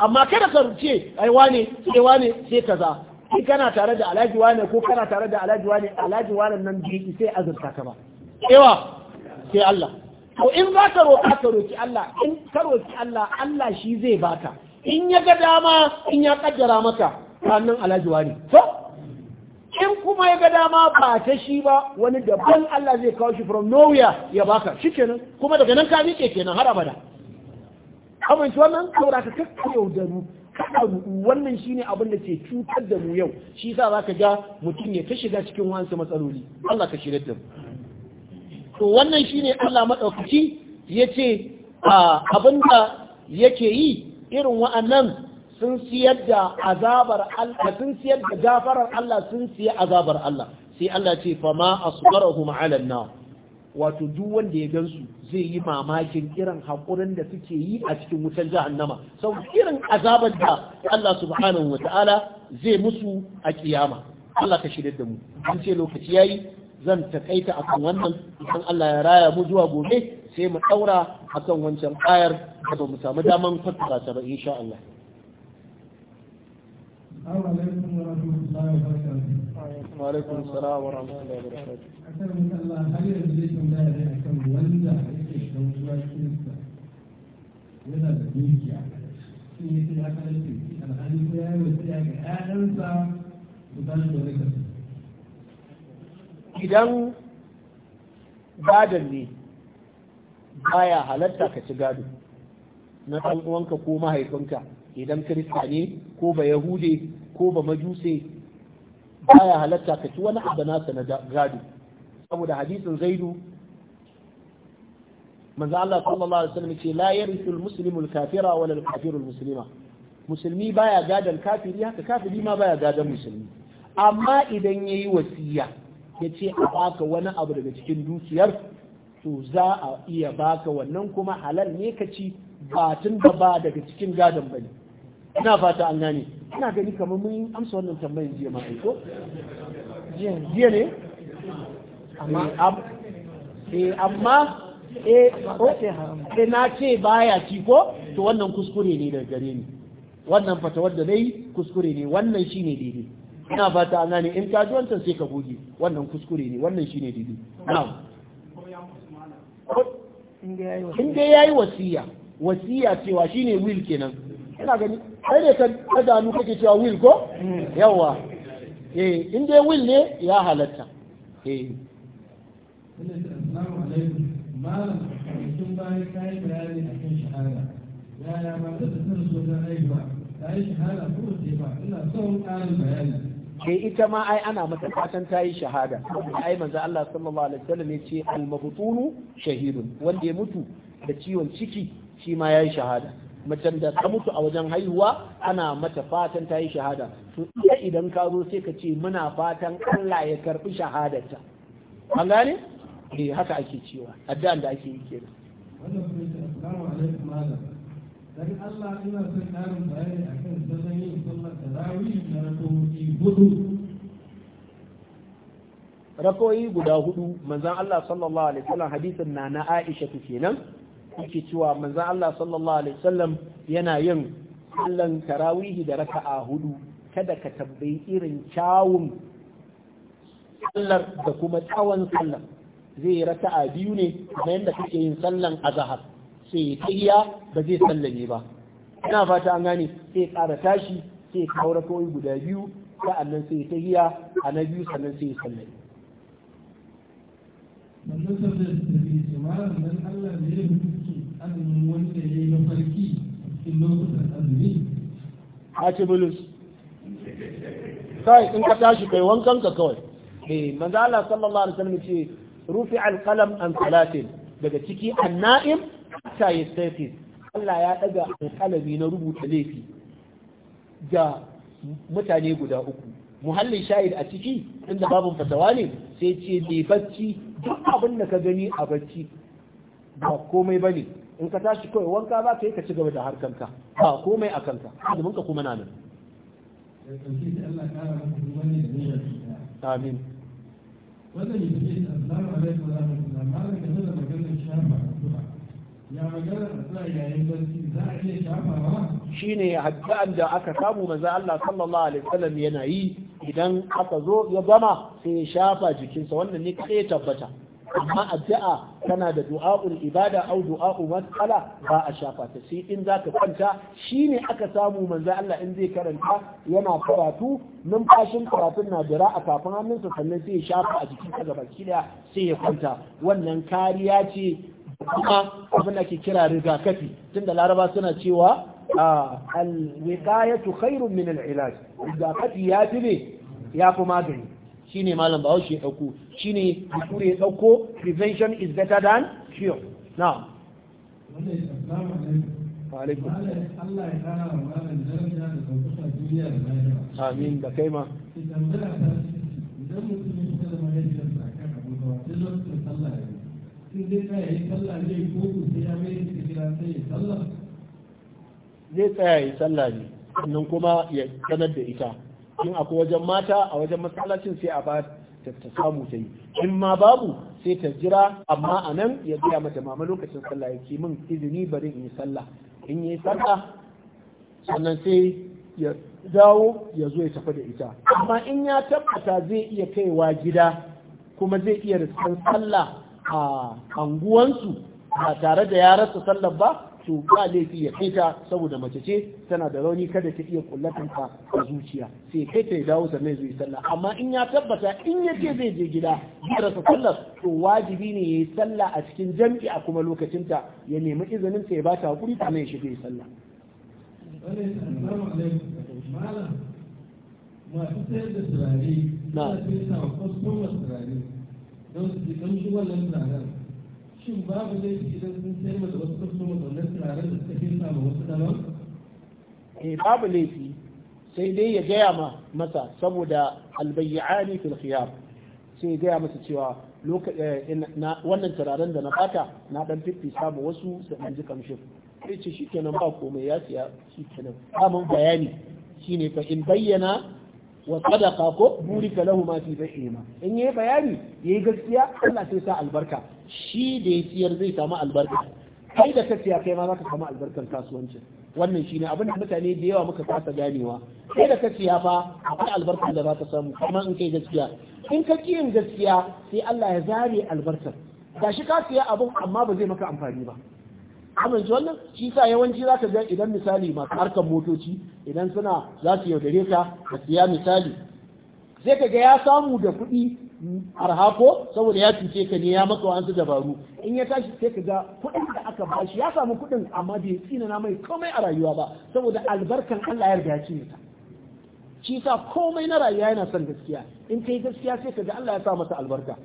amma kada ka ce ai wane sai wane sai za in kana tare da alhaji wane ko kana tare da alhaji wane alhaji wane nan bai sai azurta ka ba ewa sai Allah to in za ka roƙa ka roƙi Allah in ka roƙi Allah Allah shi zai baka in ya ga dama in ya kaddara maka ranar alhaji wani to in kuma ya ga dama ba ta shi ba wani daban Allah zai kawo shi from nowhere ya baka shi kenan kuma daga nan ka miƙe kenan har abada amince wannan saboda ka yau da mu wannan shine abin da ke cutar da mu yau shi yasa zaka ga mutum ya ta shiga cikin wani matsaloli Allah ka shirye da mu to wannan shine Allah madaukaki yace abinda yake yi irin wa'annan sun siyar da azabar Allah sun siyar da gafarar Allah sun siya azabar Allah sai Allah ce fa ma asbarahum ala nar wato duk wanda ya gansu zai yi mamakin irin hakurin da suke yi a cikin wutar jahannama sau irin azabar da Allah subhanahu wataala zai musu a kiyama Allah ka shirye da mu an ce lokaci yayi zan takaita akan wannan idan Allah ya raya mu zuwa gobe sai mu daura akan wancan ayar da ba mu samu daman fassara ta ba insha Allah وعليكم السلام ورحمة الله وبركاته. أكرمك الله هل يجوز لنا أن وندع yana da dukiya shi ne ya kalar da alhali ko ya yi wasu ya ga ƴaƴansa su ba shi da wani idan gadon ne baya halatta ka ci gado na ɗan uwanka ko mahaifinka idan kirista ne ko ba yahude ko ba majuse baya halatta ka ci wani abu nasa na gado saboda hadisin zaidu manzo Allah sallallahu alaihi wasallam ce la yarithu al-muslimu kafira wala al-kafiru al-muslima musulmi baya gadan kafiri haka kafiri ma baya gadan musulmi amma idan yayi wasiya ya ce a baka wani abu daga cikin dukiyar to za a iya baka wannan kuma halal ne ka ci ba tun da ba daga cikin gadon bane ina fata an gane ina gani kamar mun amsa wannan tambayin jiya ma aiko. jiya ne amma eh amma eh eh na ce baya ci ko to wannan kuskure ne daga gare ni wannan fata wadda dai kuskure ne wannan shine daidai ina fata ana ne in ka ji wancan sai ka goge wannan kuskure ne wannan shine didi na'am in dai yayi wasiya wasiya cewa shine will kenan ina gani sai da ka gano kake cewa will ko yawa eh in dai will ne ya halatta eh assalamu alaikum malam kin bayan kai bayani akan shahara. yaya ba ma da tsarin aiki ba, ta yi shahara ko ce ba ina son ƙarin bayani E ita ma ai ana mata fatan ta yi shahada ai manzo Allah sallallahu alaihi wasallam ya ce al-mabtunu shahidun wanda ya mutu da ciwon ciki shi ma yayi shahada macen da ta mutu a wajen haihuwa ana mata fatan ta yi shahada to iya idan ka zo sai ka ce muna fatan Allah ya karbi shahadarta an gane eh haka ake cewa addu'an da ake yi kenan wannan assalamu alaikum dan Allah ina son karin bayani akan zazan yin sunan tarawih na rak'o'i hudu Rakoyi guda hudu manzan Allah sallallahu alaihi wasallam hadisin na na Aisha kenan yake cewa manzan Allah sallallahu alaihi wasallam yana yin sallan tarawih da raka'a hudu kada ka tambayi irin kyawun sallar da kuma tsawon sallar zai raka'a biyu ne kamar yadda kake yin sallan azhar sai tahiya ba zai sallame ba ina fata an gane sai ƙara tashi sai kaura kawai guda biyu sa'annan sai tahiya a na biyu sannan sai sallame Allah wanda ya yi cikin lokutan a ce bulus kai in ka tashi kai wankan ka kawai eh manzo Allah sallallahu alaihi wasallam ce rufi alqalam an salatin daga ciki anna'im hatta ya statis Allah ya ɗaga alƙalami na rubuta laifi ga mutane guda uku muhallin shahid a ciki inda babin fasawa ne sai ce ne bacci duk abin da ka gani a bacci ba komai bane in ka tashi kawai wanka za ka yi ka ci gaba da harkanka ba komai a kanka domin ka kuma nan amin wannan yake assalamu alaikum da rahmatullahi wa barakatuh shi ne addu'an da aka samu maza Allah sallallahu alaihi wasallam yana yi idan aka zo ya zama sai ya shafa jikinsa wannan ne kai tabbata amma addu'a tana da du'a'ul ibada au du'a'u mas'ala ba a shafa ta sai in za ka kwanta ne aka samu manzo Allah in zai karanta yana karatu numfashin karatun na dira a kafin hannunsa sannan sai ya shafa a jikin ka gaba sai ya kwanta wannan kariya ce kuma abin da ke kira rigakafi tunda laraba suna cewa alwiqayatu khairun min al rigakafi ya fi ne ya fi magani shine malam bahaushe ya dauko shine ne, ya dauko prevention is better than cure na'am Allah da duniya amin da kai ma idan mutum ya fita da mahaifiyarsa abubuwa sai ya zai tsaya yi sallah ne sannan kuma ya sanar da ita in akwai wajen mata a wajen masallacin sai a ba ta samu ta yi in ma babu sai ta jira amma a nan ya gaya mata mama lokacin sallah yake min izini bari in yi sallah in yi sallah sannan sai ya dawo ya zo ya tafi da ita amma in ya tabbata zai iya kaiwa gida kuma zai iya riskan sallah a anguwansu ba tare da ya rasa sallar ba to ba laifi ya kai ta saboda mace ce tana da rauni kada ta iya kullatin ta a zuciya sai kai ta dawo sannan zai sallah amma in ya tabbata in ya ce zai je gida zai rasa sallar to wajibi ne ya yi sallah a cikin jam'i a kuma lokacinta ya nemi izinin sa ya ba ta hakuri kuma ya shiga ya sallah. masu sayar da turare, suna sayar da kwastomas turare, don su ji wannan turaren shin babu laifi idan sun sayar da wasu kasuwan wannan turaren da suka fi samu wasu daban? eh babu laifi sai dai ya gaya ma masa saboda albayyani fil khiyar sai ya gaya masa cewa eh, wannan turaren da na fata na dan fifi samu wasu su dan ji kamshin sai ce shikenan ba komai ya siya Ba mun bayani Shi ne fa in bayyana wa sadaqa ko burika lahuma fi baihima in yayi bayani yayi gaskiya Allah sai sa albarka shi da ya siyar zai samu albarka kai da ka siya kai ma zaka samu albarkar kasuwancin wannan shine abin da mutane da yawa muka kasa ganewa kai da ka siya fa akwai albarkar da zaka samu kuma in kai gaskiya in ka kiyin gaskiya sai Allah ya zare albarkar gashi ka siya abun amma ba zai maka amfani ba amince wannan shi sa yawanci za ka ga idan misali masu harkar motoci idan suna za su yaudare ka da siya misali sai ka ga ya samu da kuɗi mm, arha saboda ya cuce ka ne ya maka wa'ansu dabaru in ya tashi sai ka ga kuɗin da aka ba shi ya samu kuɗin amma bai tsina na mai komai a rayuwa ba saboda albarkan Allah ya riga ya cinye ta shi sa komai na rayuwa yana son gaskiya in ka yi gaskiya sai ka ga Allah ya sa mata albarka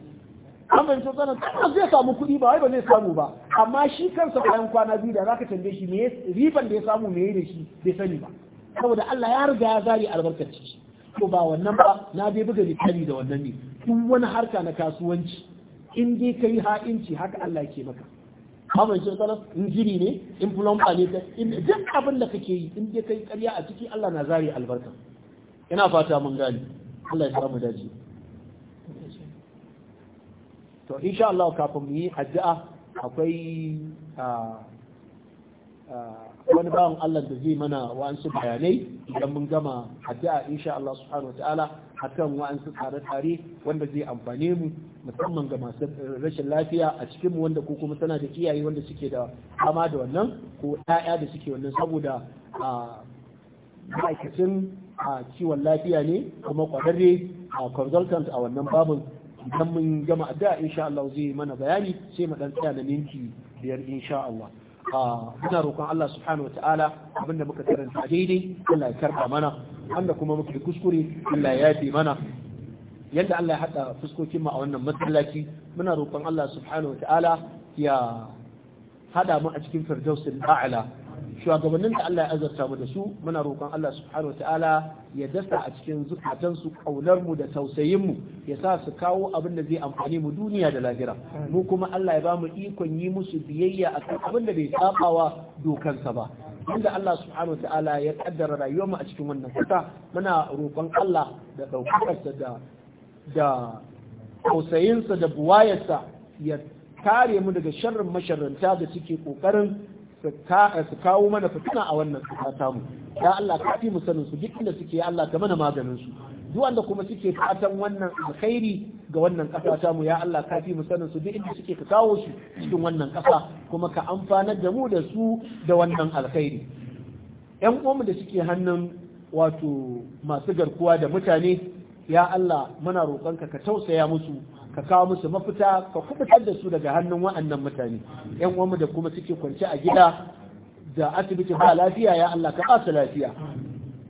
amma yanzu tsanan tana zai samu kuɗi ba wai ba zai samu ba amma shi kansa bayan kwana biyu da zaka tambaye shi me riban da ya samu me yayi da shi bai sani ba saboda Allah ya riga ya zari albarkar shi to ba wannan ba na dai buga misali da wannan ne duk wani harka na kasuwanci in dai kai ha'inci haka Allah ke maka amma yanzu tsanan in jiri ne in plumber ne in duk abin da kake yi in dai kai ƙarya a ciki Allah na zari albarka ina fata mun gani Allah ya samu dace to insha Allah kafin mu yi addu'a akwai wani bawan Allah da zai mana wa'ansu bayanai idan mun gama addu'a insha Allah subhanahu ta'ala akan wa'ansu tsare-tsare wanda zai amfane mu musamman ga masu rashin lafiya a cikin mu wanda ko kuma tana da iyaye wanda suke da fama da wannan ko ɗaya da suke wannan saboda ma'aikacin a kiwon lafiya ne kuma kwararre a consultant a wannan babin idan mun gama addu'a insha Allah zai mana bayani sai mu dan tsaya da minti biyar insha Allah muna roƙon Allah subhanahu wataala abinda muka karanta daidai Allah ya karba mana wanda kuma muka kuskure Allah ya yafe mana yadda Allah ya hada fuskokin mu a wannan masallaci muna roƙon Allah subhanahu wataala ya hada mu a cikin firdausin a'la shugabannin da Allah ya azarta mu da su muna roƙon Allah subhanahu ta'ala ya dasa a cikin zukatansu ƙaunarmu mu da tausayin mu ya sa su kawo abin da zai amfani mu duniya da lahira mu kuma Allah ya ba mu ikon yi musu biyayya kan abin da bai dokan dokansa ba inda Allah subhanahu ta'ala ya kaddara rayuwar mu a cikin wannan kasa muna roƙon Allah da daukakarsa da da tausayinsa da buwayarsa ya kare mu daga sharrin masharranta da suke ƙoƙarin. su kawo mana fitina a wannan su tamu ya Allah ka fi musanin su duk inda suke Allah ka mana maganin su duk wanda kuma suke fatan wannan alkhairi ga wannan ta mu, ya Allah ka fi musanin su duk inda suke ka kawo su cikin wannan kasa kuma ka amfanar da mu da su da wannan alkhairi yan uwanmu da suke hannun wato masu garkuwa da mutane ya Allah muna roƙonka ka tausaya musu ka kawo musu mafita ka kubutar da su daga hannun wa'annan mutane yan uwanmu da kuma suke kwance a gida da asibiti ba lafiya ya Allah ka basu lafiya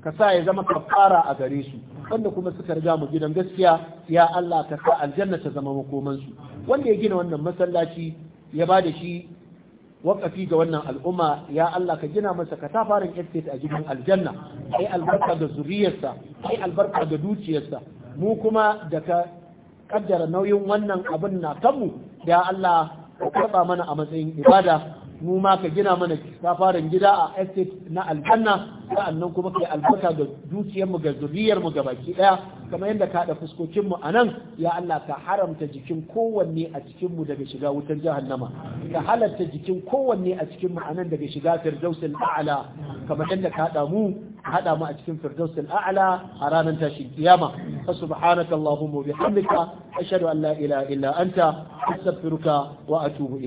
ka sa ya zama kafara a gare su wanda kuma suka riga mu gidan gaskiya ya Allah ka sa aljanna ta zama makoman su wanda ya gina wannan masallaci ya ba da shi wakafi ga wannan al'umma ya Allah ka gina masa katafarin estate a gidan aljanna ai albarka da zuriyarsa ai albarka da dukiyarsa mu kuma da ka kaddara nauyin wannan abin na kanmu da Allah ka karba mana a matsayin ibada mu ma ka gina mana safarin gida a estate na aljanna sa'annan kuma kai albarka da dukiyar mu ga zuriyar mu ga baki daya kamar yadda ka da fuskokin mu anan ya Allah ka haramta jikin kowanne a cikin mu daga shiga wutar jahannama ka halatta jikin kowanne a cikin mu anan daga shiga firdausil a'la kamar yadda ka da mu hada mu a cikin firdausul a'la a ranar tashin kiyama fa subhanaka allahumma bihamdika ashhadu an la ilaha illa anta astaghfiruka wa atubu